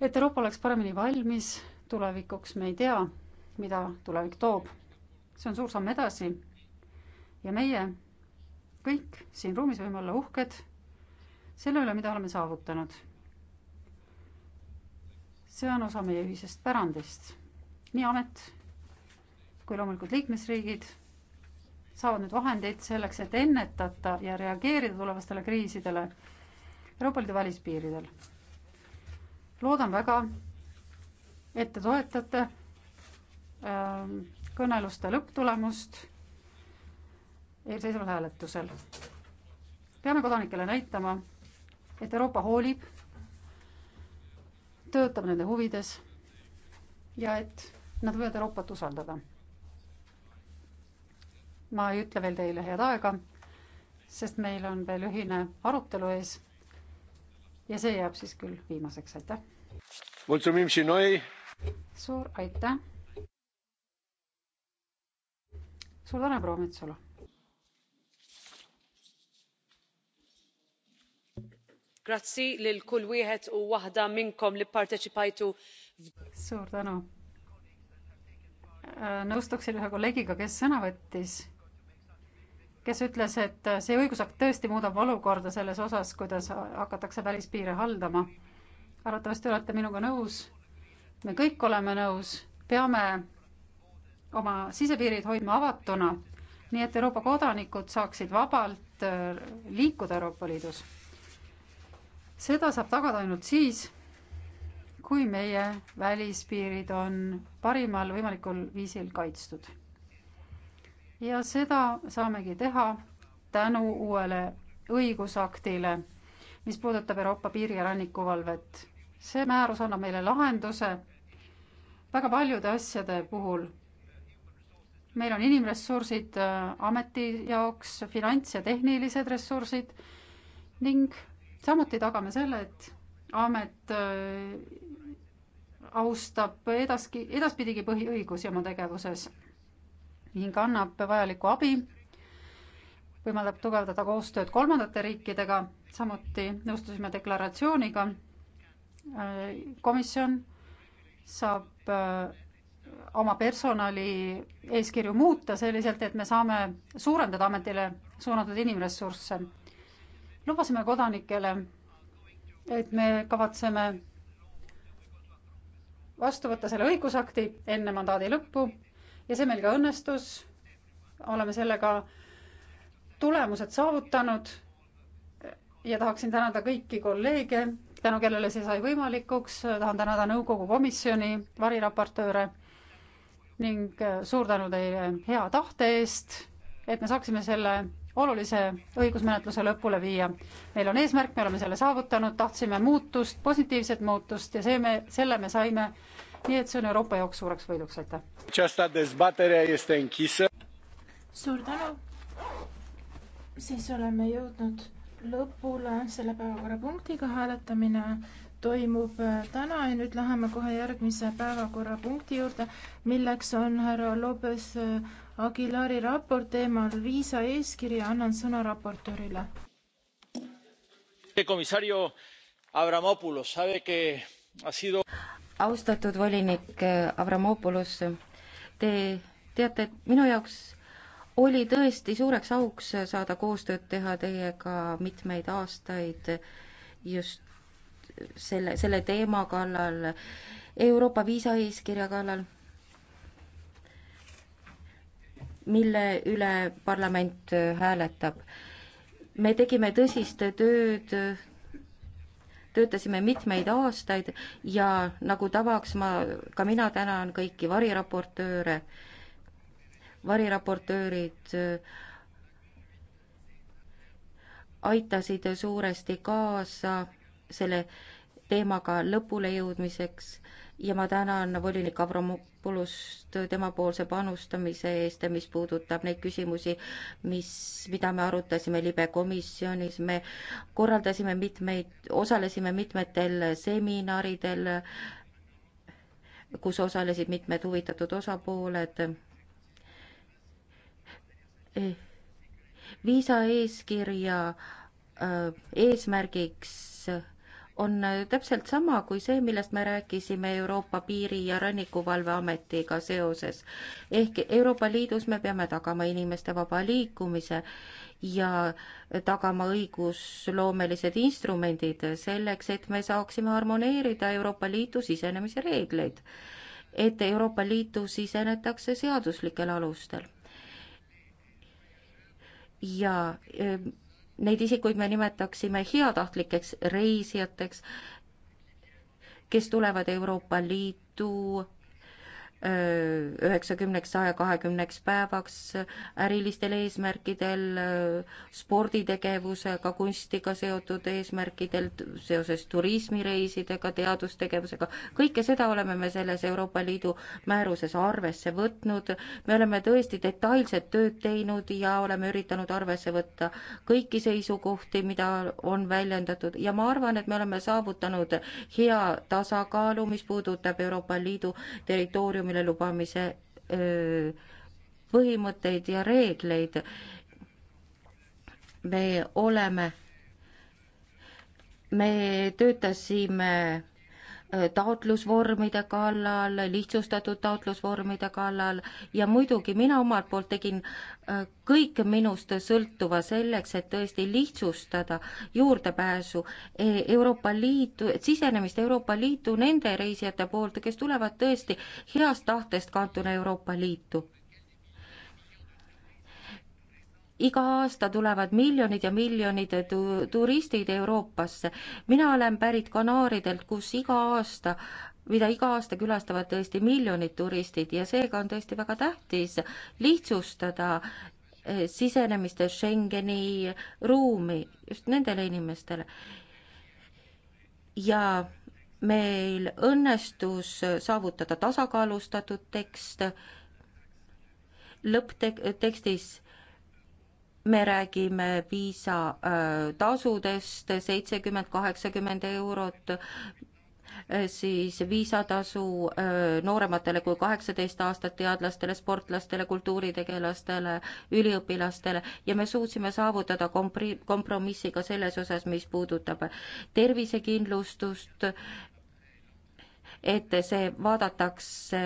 et Euroopa oleks paremini valmis tulevikuks, me ei tea, mida tulevik toob. see on suur samm edasi ja meie kõik siin ruumis võime olla uhked selle üle, mida oleme saavutanud. see on osa meie ühisest pärandist. nii amet kui loomulikult liikmesriigid saavad nüüd vahendeid selleks, et ennetada ja reageerida tulevastele kriisidele Euroopa Liidu välispiiridel. loodan väga, et te toetate öö, ähm, kõneluste lõpptulemust eelseisval hääletusel. peame kodanikele näitama, et Euroopa hoolib, töötab nende huvides ja et nad võivad Euroopat usaldada. ma ei ütle veel teile head aega, sest meil on veel ühine arutelu ees. ja see jääb siis küll viimaseks, aitäh. suur aitäh. suur tänu, proua Metsola grazzi lil kull wieħed u waħda minnkom li pparteċipajtu. suur tänu! Äh, nõustuksin ühe kolleegiga, kes sõna võttis, kes ütles, et äh, see õigusakt tõesti muudab olukorda selles osas, kuidas hakatakse välispiire haldama. arvatavasti olete minuga nõus, me kõik oleme nõus, peame oma sisepiirid hoidma avatuna, nii et Euroopa kodanikud saaksid vabalt äh, liikuda Euroopa Liidus seda saab tagada ainult siis, kui meie välispiirid on parimal võimalikul viisil kaitstud. ja seda saamegi teha tänu uuele õigusaktile, mis puudutab Euroopa piiri- ja rannikuvalvet. see määrus annab meile lahenduse väga paljude asjade puhul. meil on inimressursid äh, ameti jaoks, finants- ja tehnilised ressursid ning samuti tagame selle, et amet äh, austab edaski, edaspidigi põhiõigusi oma tegevuses ning annab vajalikku abi, võimaldab tugevdada koostööd kolmandate riikidega, samuti nõustusime deklaratsiooniga. Äh, komisjon saab äh, oma personali eeskirju muuta selliselt, et me saame suurendada ametile suunatud inimressursse lubasime kodanikele, et me kavatseme vastu võtta selle õigusakti enne mandaadi lõppu ja see meil ka õnnestus. oleme sellega tulemused saavutanud ja tahaksin tänada kõiki kolleege, tänu kellele see sai võimalikuks, tahan tänada nõukogu komisjoni variraportööre ning suur tänu teile hea tahte eest, et me saaksime selle olulise õigusmenetluse lõpule viia. meil on eesmärk, me oleme selle saavutanud, tahtsime muutust, positiivset muutust ja see me, selle me saime. nii et see on Euroopa jaoks suureks võiduks, aitäh. suur tänu. siis oleme jõudnud lõpule selle päevakorrapunktiga hääletamine toimub äh, täna ja nüüd läheme kohe järgmise päevakorrapunkti juurde, milleks on härra Lopez äh, Aguilari raport teemal viisa eeskiri ja annan sõna raportöörile. austatud volinik äh, Avramopoulos, te teate, et minu jaoks oli tõesti suureks auks saada koostööd teha teiega mitmeid aastaid just selle, selle teema kallal, Euroopa viisaeeskirja kallal, mille üle parlament hääletab. me tegime tõsist tööd, töötasime mitmeid aastaid ja nagu tavaks ma, ka mina tänan kõiki variraportööre, variraportöörid aitasid suuresti kaasa selle teemaga lõpule jõudmiseks ja ma tänan volinik Avramopulust temapoolse panustamise eest, mis puudutab neid küsimusi, mis, mida me arutasime libe komisjonis, me korraldasime mitmeid, osalesime mitmetel seminaridel, kus osalesid mitmed huvitatud osapooled. viisa eeskirja äh, eesmärgiks on täpselt sama kui see, millest me rääkisime Euroopa Piiri- ja Rannikuvalveametiga seoses. ehk Euroopa Liidus me peame tagama inimeste vaba liikumise ja tagama õigusloomelised instrumendid selleks, et me saaksime harmoneerida Euroopa Liitu sisenemise reegleid. et Euroopa Liitu sisenetakse seaduslikel alustel. ja Neid isikuid me nimetaksime heatahtlikeks reisijateks, kes tulevad Euroopa Liidu üheksakümneks, saja kahekümneks päevaks ärilistel eesmärkidel, sporditegevusega, kunstiga seotud eesmärkidel, seoses turismireisidega, teadustegevusega, kõike seda oleme me selles Euroopa Liidu määruses arvesse võtnud, me oleme tõesti detailset tööd teinud ja oleme üritanud arvesse võtta kõiki seisukohti, mida on väljendatud ja ma arvan, et me oleme saavutanud hea tasakaalu, mis puudutab Euroopa Liidu territooriumi territooriumile lubamise öö, põhimõtteid ja reegleid. me oleme, me töötasime Äh, taotlusvormide kallal, lihtsustatud taotlusvormide kallal ja muidugi mina omalt poolt tegin äh, kõik minust sõltuva selleks, et tõesti lihtsustada juurdepääsu e-, Euroopa Liitu, sisenemist Euroopa Liitu nende reisijate poolt, kes tulevad tõesti heast tahtest kantuna Euroopa Liitu iga aasta tulevad miljonid ja miljonid tu-, turistid Euroopasse. mina olen pärit Kanaaridelt, kus iga aasta mida iga aasta külastavad tõesti miljonid turistid ja seega on tõesti väga tähtis lihtsustada eh, sisenemist Schengeni ruumi just nendele inimestele. ja meil õnnestus saavutada tasakaalustatud tekst lõpptekstis me räägime viisatasudest äh, seitsekümmend, kaheksakümmend eurot, äh, siis viisatasu äh, noorematele kui kaheksateist aastat teadlastele, sportlastele, kultuuritegelastele, üliõpilastele ja me suutsime saavutada kompri-, kompromissi ka selles osas, mis puudutab tervisekindlustust et see vaadatakse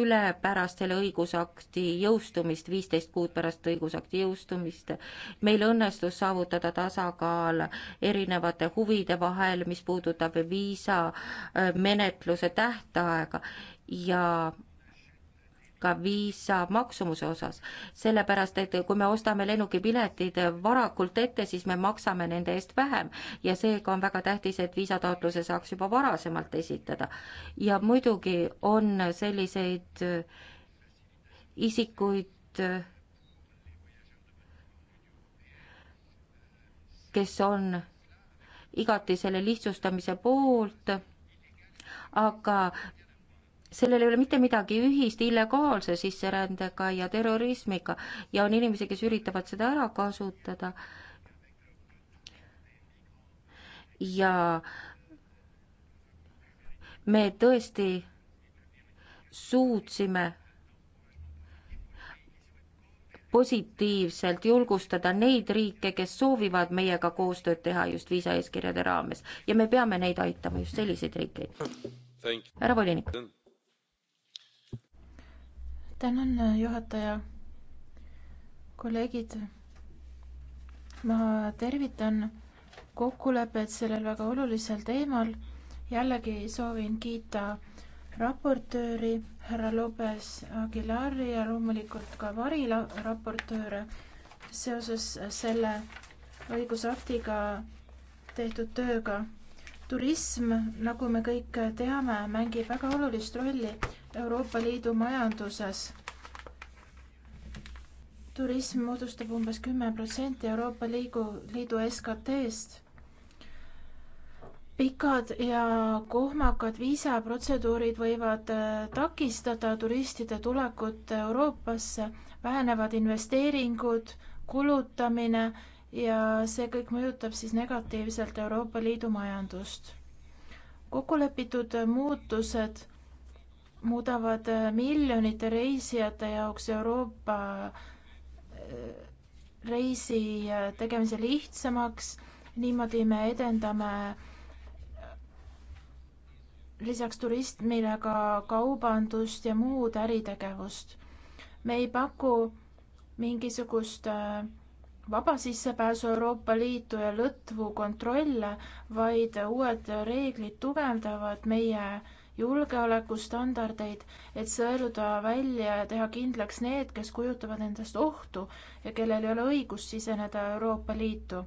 üle pärast selle õigusakti jõustumist, viisteist kuud pärast õigusakti jõustumist. meil õnnestus saavutada tasakaal erinevate huvide vahel, mis puudutab viisamenetluse tähtaega ja paika viisa maksumuse osas, sellepärast et kui me ostame lennukipiletid varakult ette, siis me maksame nende eest vähem ja seega on väga tähtis, et viisataotluse saaks juba varasemalt esitada. ja muidugi on selliseid äh, isikuid, äh, kes on igati selle lihtsustamise poolt, aga sellel ei ole mitte midagi ühist illegaalse sisserändega ja terrorismiga ja on inimesi, kes üritavad seda ära kasutada. ja me tõesti suutsime positiivselt julgustada neid riike, kes soovivad meiega koostööd teha just viisaeeskirjade raames ja me peame neid aitama, just selliseid riike. härra volinik tänan, juhataja. kolleegid, ma tervitan kokkulepet sellel väga olulisel teemal. jällegi soovin kiita raportööri härra Lopez Aguilari ja loomulikult ka variraportööre seoses selle õigusaktiga tehtud tööga. turism, nagu me kõik teame, mängib väga olulist rolli Euroopa Liidu majanduses. turism moodustab umbes kümme protsenti Euroopa Liidu, Liidu SKT-st. pikad ja kohmakad viisaprotseduurid võivad äh, takistada turistide tulekut Euroopasse, vähenevad investeeringud, kulutamine ja see kõik mõjutab siis negatiivselt Euroopa Liidu majandust. kokkulepitud muutused muudavad äh, miljonite reisijate jaoks Euroopa äh, reisi äh, tegemise lihtsamaks. niimoodi me edendame lisaks turismile ka kaubandust ja muud äritegevust. me ei paku mingisugust vaba sissepääsu Euroopa Liitu ja lõtvu kontrolle, vaid uued reeglid tugevdavad meie julgeolekustandardeid, et sõeluda välja ja teha kindlaks need, kes kujutavad endast ohtu ja kellel ei ole õigust siseneda Euroopa Liitu.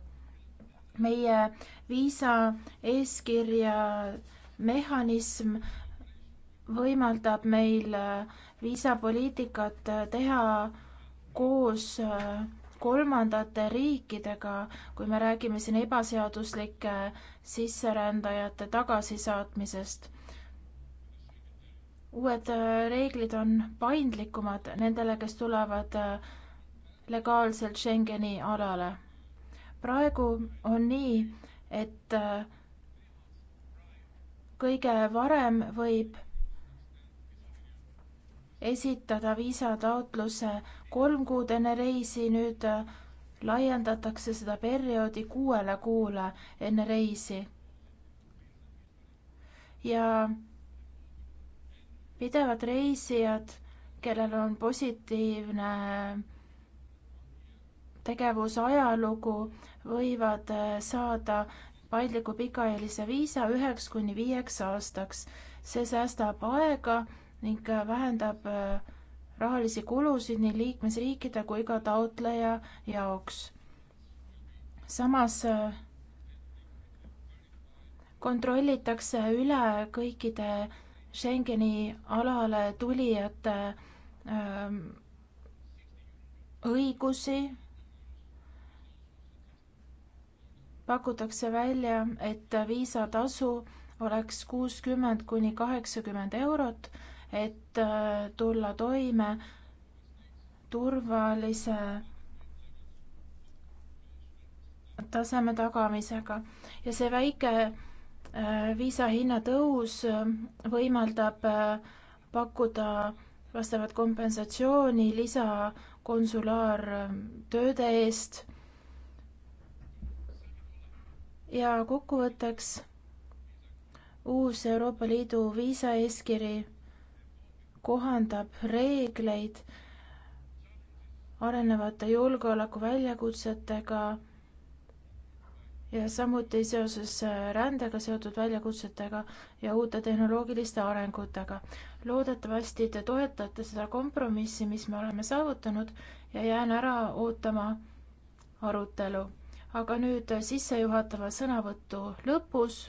meie viisa eeskirja mehhanism võimaldab meil äh, viisapoliitikat äh, teha koos äh, kolmandate riikidega, kui me räägime siin ebaseaduslike sisserändajate tagasisaatmisest uued äh, reeglid on paindlikumad nendele, kes tulevad äh, legaalselt Schengeni alale. praegu on nii, et äh, kõige varem võib esitada viisataotluse kolm kuud enne reisi, nüüd laiendatakse seda perioodi kuuele kuule enne reisi. ja pidevad reisijad, kellel on positiivne tegevusajalugu, võivad äh, saada paindliku pikaajalise viisa üheks kuni viieks aastaks. see säästab aega ning äh, vähendab äh, rahalisi kulusid nii liikmesriikide kui ka taotleja jaoks. samas kontrollitakse üle kõikide Schengeni alale tulijate ähm, õigusi. pakutakse välja, et viisatasu oleks kuuskümmend kuni kaheksakümmend eurot, et äh, tulla toime turvalise taseme tagamisega ja see väike Äh, viisa hinna tõus äh, võimaldab äh, pakkuda vastavat kompensatsiooni lisakonsulaartööde eest. ja kokkuvõtteks uus Euroopa Liidu viisaeeskiri kohandab reegleid arenevate julgeolekuväljakutsetega ja samuti seoses äh, rändega seotud väljakutsetega ja uute tehnoloogiliste arengutega. loodetavasti te toetate seda kompromissi, mis me oleme saavutanud ja jään ära ootama arutelu. aga nüüd sissejuhatava sõnavõtu lõpus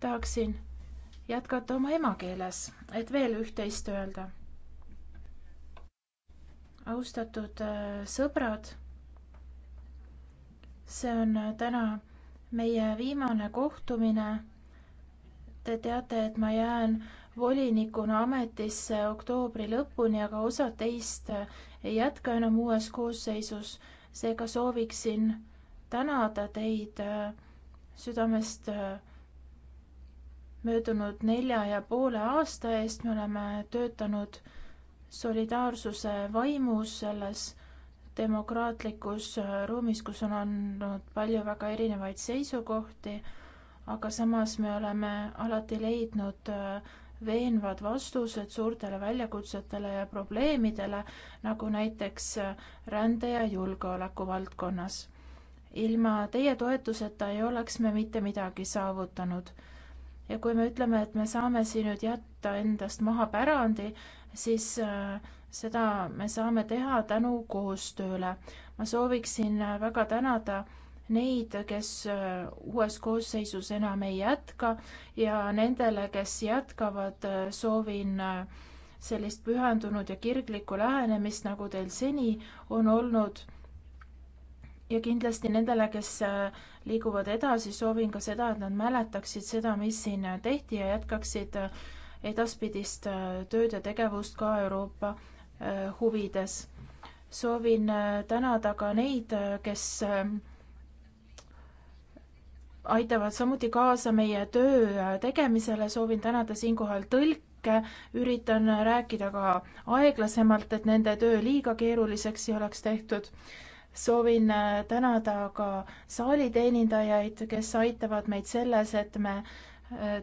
tahaksin jätkata oma emakeeles, et veel üht-teist öelda. austatud äh, sõbrad see on täna meie viimane kohtumine. Te teate, et ma jään volinikuna ametisse oktoobri lõpuni, aga osa teist ei jätka enam uues koosseisus. seega sooviksin tänada teid südamest möödunud nelja ja poole aasta eest. me oleme töötanud solidaarsuse vaimus selles demokraatlikus äh, ruumis, kus on olnud palju väga erinevaid seisukohti, aga samas me oleme alati leidnud äh, veenvad vastused suurtele väljakutsetele ja probleemidele, nagu näiteks äh, rände ja julgeoleku valdkonnas. ilma teie toetuseta ei oleks me mitte midagi saavutanud. ja kui me ütleme, et me saame siin nüüd jätta endast maha pärandi, siis äh, seda me saame teha tänu koostööle. ma sooviksin väga tänada neid, kes äh, uues koosseisus enam ei jätka ja nendele, kes jätkavad, äh, soovin äh, sellist pühendunud ja kirglikku lähenemist, nagu teil seni on olnud. ja kindlasti nendele, kes liiguvad edasi, soovin ka seda, et nad mäletaksid seda, mis siin tehti ja jätkaksid edaspidist tööd ja tegevust ka Euroopa Äh, huvides. soovin äh, tänada ka neid, äh, kes aitavad samuti kaasa meie töö tegemisele, soovin tänada siinkohal tõlke, üritan rääkida ka aeglasemalt, et nende töö liiga keeruliseks ei oleks tehtud. soovin tänada ka saaliteenindajaid, kes aitavad meid selles, et me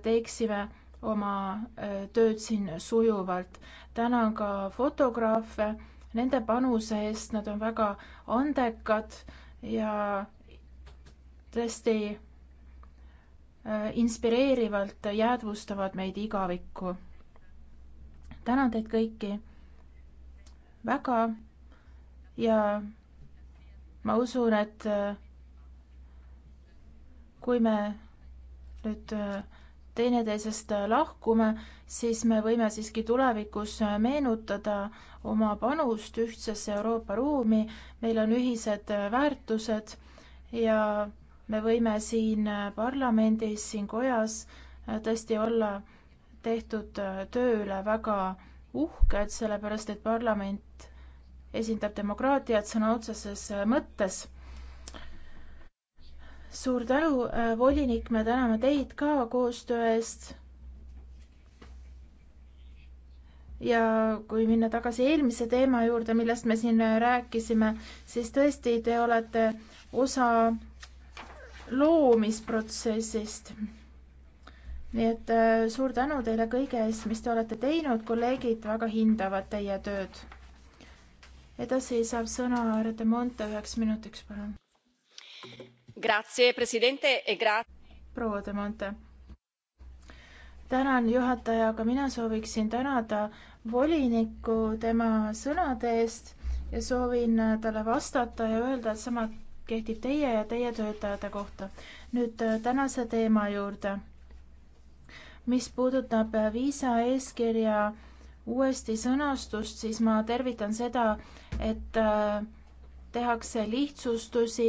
teeksime oma äh, tööd siin sujuvalt. tänan ka fotograafe nende panuse eest, nad on väga andekad ja tõesti äh, inspireerivalt jäädvustavad meid igavikku. tänan teid kõiki väga ja ma usun, et äh, kui me nüüd teineteisest lahkume, siis me võime siiski tulevikus meenutada oma panust ühtsesse Euroopa ruumi, meil on ühised väärtused ja me võime siin parlamendis, siin kojas tõesti olla tehtud töö üle väga uhked, sellepärast et parlament esindab demokraatiat sõna otseses mõttes suur tänu, äh, volinik, me täname teid ka koostöö eest. ja kui minna tagasi eelmise teema juurde, millest me siin äh, rääkisime, siis tõesti, te olete osa loomisprotsessist. nii et äh, suur tänu teile kõige eest, mis te olete teinud, kolleegid väga hindavad teie tööd. edasi saab sõna Rete Monte üheks minutiks, palun E proua Demante. tänan juhataja, aga mina sooviksin tänada volinikku tema sõnade eest ja soovin talle vastata ja öelda, et sama kehtib teie ja teie töötajate kohta. nüüd äh, tänase teema juurde, mis puudutab äh, viisa eeskirja uuesti sõnastust, siis ma tervitan seda, et äh, tehakse lihtsustusi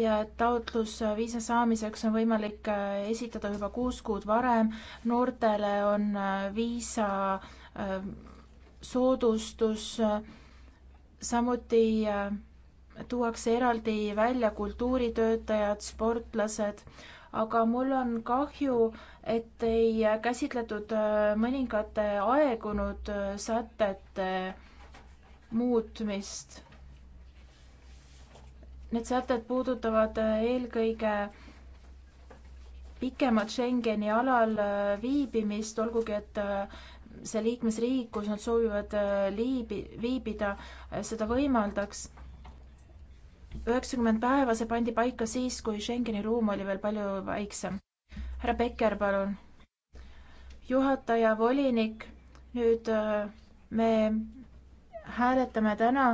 ja et taotlus viisa saamiseks on võimalik äh, esitada juba kuus kuud varem. noortele on äh, viisa äh, soodustus, samuti tuuakse eraldi välja kultuuritöötajad, sportlased, aga mul on kahju, et ei käsitletud mõningate aegunud sätete muutmist Need sätted puudutavad äh, eelkõige pikemat Schengeni alal äh, viibimist, olgugi et äh, see liikmesriik, kus nad soovivad liibi, viibida, seda võimaldaks. üheksakümmend päeva, see pandi paika siis, kui Schengeni ruum oli veel palju väiksem. härra Becker, palun. juhataja, volinik, nüüd me hääletame täna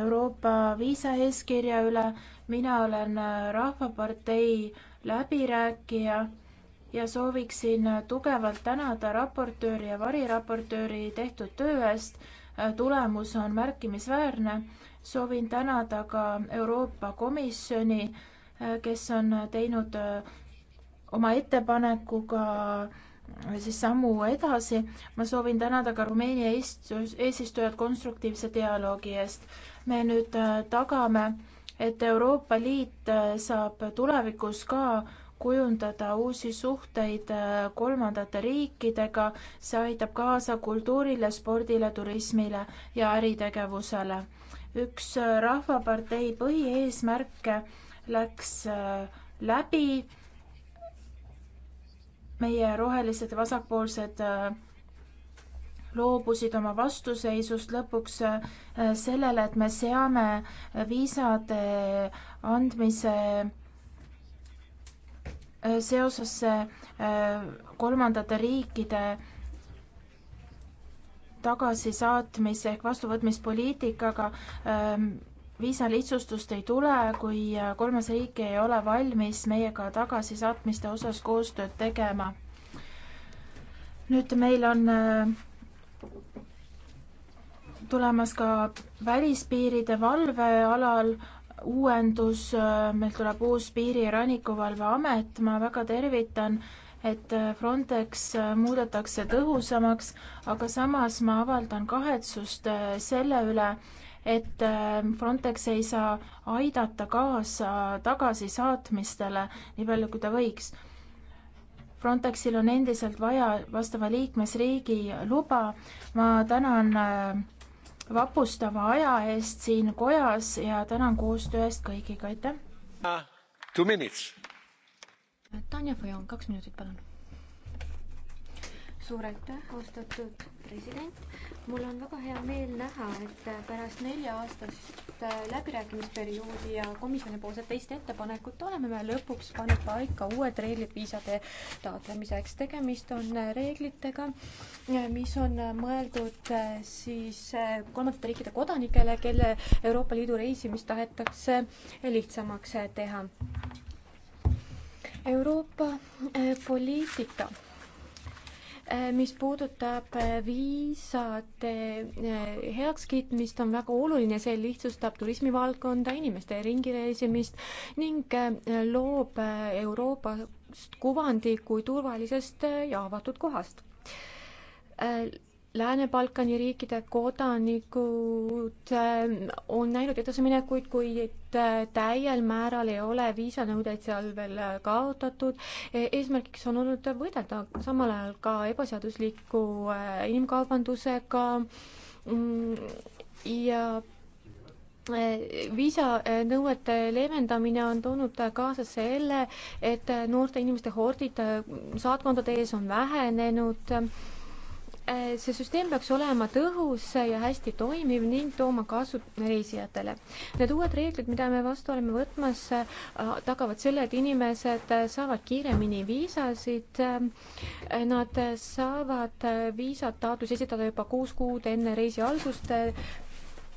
Euroopa viisaeeskirja üle. mina olen äh, Rahvapartei läbirääkija ja sooviksin äh, tugevalt tänada raportööri ja variraportööri tehtud töö eest. Äh, tulemus on märkimisväärne. soovin tänada ka Euroopa Komisjoni, kes on teinud oma ettepanekuga siis sammu edasi. ma soovin tänada ka Rumeenia eesistujat konstruktiivse dialoogi eest me nüüd äh, tagame, et Euroopa Liit äh, saab tulevikus ka kujundada uusi suhteid äh, kolmandate riikidega, see aitab kaasa kultuurile, spordile, turismile ja äritegevusele. üks Rahvapartei põhieesmärke läks läbi, meie rohelised ja vasakpoolsed loobusid oma vastuseisust lõpuks äh, sellele, et me seame äh, viisade äh, andmise seosesse kolmandate riikide tagasisaatmise ehk vastuvõtmispoliitikaga ähm, viisalihtsustust ei tule, kui kolmas riik ei ole valmis meiega tagasisaatmiste osas koostööd tegema. nüüd meil on tulemas ka välispiiride valvealal uuendus, meil tuleb uus Piiri- ja Rannikuvalveamet, ma väga tervitan, et Frontex muudetakse tõhusamaks, aga samas ma avaldan kahetsust selle üle, et Frontex ei saa aidata kaasa tagasisaatmistele nii palju, kui ta võiks Frontexil on endiselt vaja vastava liikmesriigi luba. ma tänan vapustava aja eest siin kojas ja tänan koostöö eest kõigiga, aitäh! Tanja Fajon, kaks minutit, palun. suur aitäh, austatud president mul on väga hea meel näha, et pärast nelja-aastast äh, läbirääkimisperioodi ja komisjonipoolset teist ettepanekut oleme me lõpuks pannud paika uued reeglid viisade taotlemiseks. tegemist on äh, reeglitega, äh, mis on mõeldud siis kolmandate riikide kodanikele, kelle Euroopa Liidu reisimist tahetakse lihtsamaks teha. Euroopa poliitika Äh, mis puudutab äh, viisade äh, heakskiitmist, on väga oluline, see lihtsustab turismivaldkonda, inimeste ringireisimist ning loob Euroopast kuvandi kui turvalisest ja avatud kohast Lääne-Balkani riikide kodanikud ähm, on näinud edasiminekuid, kuid äh, täiel määral ei ole viisanõudeid seal veel äh, kaotatud. E, eesmärgiks on olnud võidelda samal ajal ka ebaseadusliku äh, inimkaubandusega mm, ja viisanõuete leevendamine on toonud kaasa selle, et noorte inimeste hordid saatkondade ees on vähenenud Äh, see süsteem peaks olema tõhus ja hästi toimiv ning tooma kasu reisijatele. Need uued reeglid, mida me vastu oleme võtmas, äh, tagavad selle, et inimesed äh, saavad kiiremini viisasid. Nad saavad viisataotluse esitada juba kuus kuud enne reisi algust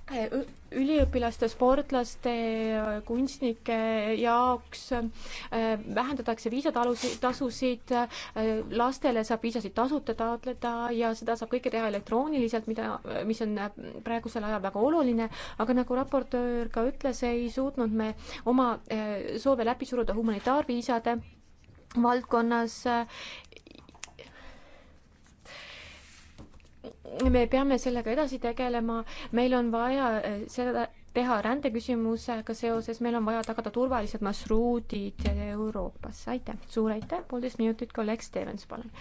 Äh, üliõpilaste, sportlaste, kunstnike jaoks äh, vähendatakse viisatasusid, äh, lastele saab viisasid tasuta taotleda ja seda saab kõike teha elektrooniliselt, mida, mis on praegusel ajal väga oluline, aga nagu raportöör ka ütles, ei suutnud me oma soove läbi suruda humanitaarviisade valdkonnas me peame sellega edasi tegelema, meil on vaja eh, seda teha rändeküsimusega seoses, meil on vaja tagada turvalised marsruudid Euroopas, aitäh, suur aitäh, poolteist minutit, kolleeg Stevens, palun.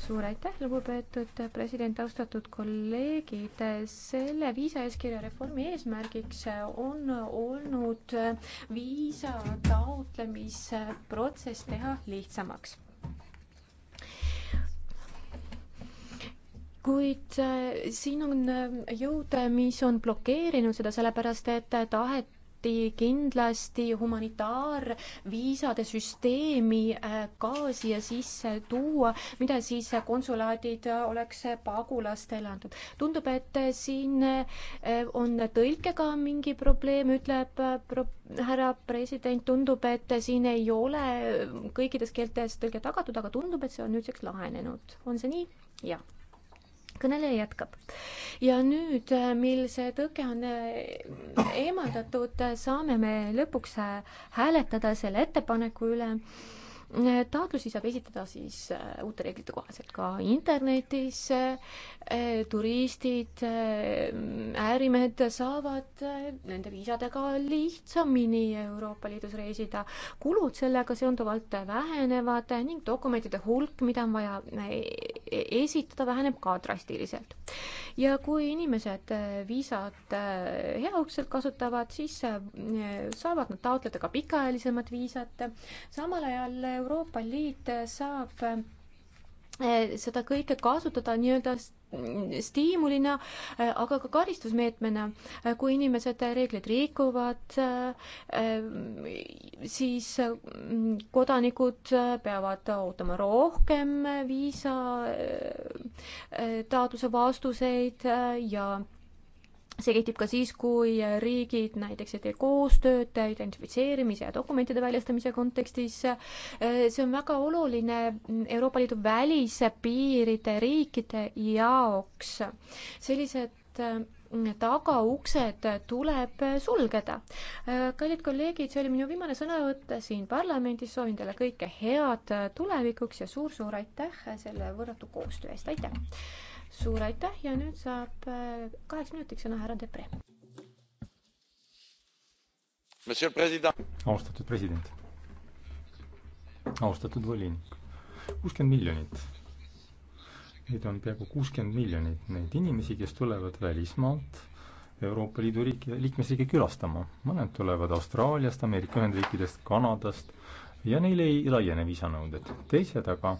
suur aitäh, lugupeetud president, austatud kolleegid, selle viisaeeskirja reformi eesmärgiks on olnud viisa taotlemise protsess teha lihtsamaks kuid äh, siin on äh, jõude, äh, mis on blokeerinud seda, sellepärast et taheti kindlasti humanitaarviisade süsteemi ka siia sisse tuua, mida siis konsulaadid oleks pagulastele andnud. tundub, et siin on tõlkega mingi probleem, ütleb pro-, härra president, tundub, et siin ei ole kõikides keeltes tõlge tagatud, aga tundub, et see on nüüdseks lahenenud. on see nii? jah kõneleja jätkab. ja nüüd, äh, mil see tõke on äh, eemaldatud, äh, saame me lõpuks hääletada selle ettepaneku üle taotlusi saab esitada siis äh, uute reeglite kohaselt ka internetis, äh, turistid, äh, ärimehed saavad nende viisadega lihtsamini Euroopa Liidus reisida, kulud sellega seonduvalt vähenevad ning dokumentide hulk, mida on vaja e-, esitada, väheneb ka drastiliselt. ja kui inimesed viisat heaukselt kasutavad, siis saavad nad taotleda ka pikaajalisemat viisat, samal ajal Euroopa Liit saab eh, seda kõike kasutada nii-öelda stiimulina, eh, aga ka karistusmeetmena. Eh, kui inimesed reegleid rikuvad, siis mm, kodanikud peavad ootama rohkem viisa taotluse vastuseid ja see kehtib ka siis, kui riigid näiteks ei tee koostööd identifitseerimise ja dokumentide väljastamise kontekstis. see on väga oluline Euroopa Liidu välispiiride riikide jaoks. sellised mm, tagauksed tuleb sulgeda. kallid kolleegid, see oli minu viimane sõnavõtt siin parlamendis, soovin teile kõike head tulevikuks ja suur-suur aitäh selle võrratu koostöö eest, aitäh! suur aitäh ja nüüd saab äh, kaheks minutiks sõna härra Depre. austatud president, austatud volinik, kuuskümmend miljonit neid on peaaegu kuuskümmend miljonit, neid inimesi, kes tulevad välismaalt Euroopa Liidu riiki, liikmesriike külastama. mõned tulevad Austraaliast, Ameerika Ühendriikidest, Kanadast ja neile ei laiene viisanõuded. teised aga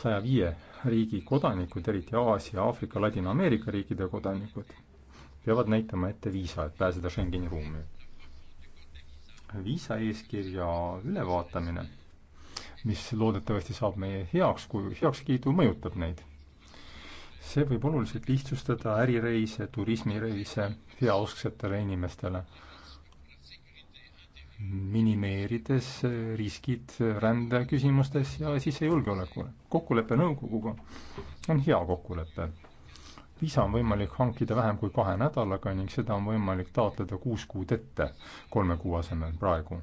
saja viie riigi kodanikud, eriti Aasia, Aafrika, Ladina-Ameerika riikide kodanikud, peavad näitama ette viisa, et pääseda Schengeni ruumi. viisa eeskirja ülevaatamine, mis loodetavasti saab meie heaks, kui heakskiidu mõjutab neid. see võib oluliselt lihtsustada ärireise, turismireise heausksetele inimestele minimeerides riskid rändeküsimustes ja sissejulgeolekule. kokkulepe nõukoguga on hea kokkulepe. viisa on võimalik hankida vähem kui kahe nädalaga ning seda on võimalik taotleda kuus kuud ette, kolme kuu asemel praegu.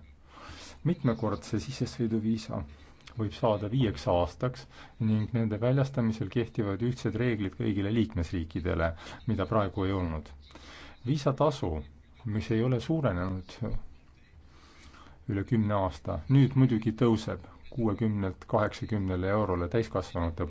mitmekordse sissesõiduviisa võib saada viieks aastaks ning nende väljastamisel kehtivad ühtsed reeglid kõigile liikmesriikidele, mida praegu ei olnud. viisatasu, mis ei ole suurenenud üle kümne aasta. nüüd muidugi tõuseb kuuekümnelt kaheksakümnele eurole täiskasvanute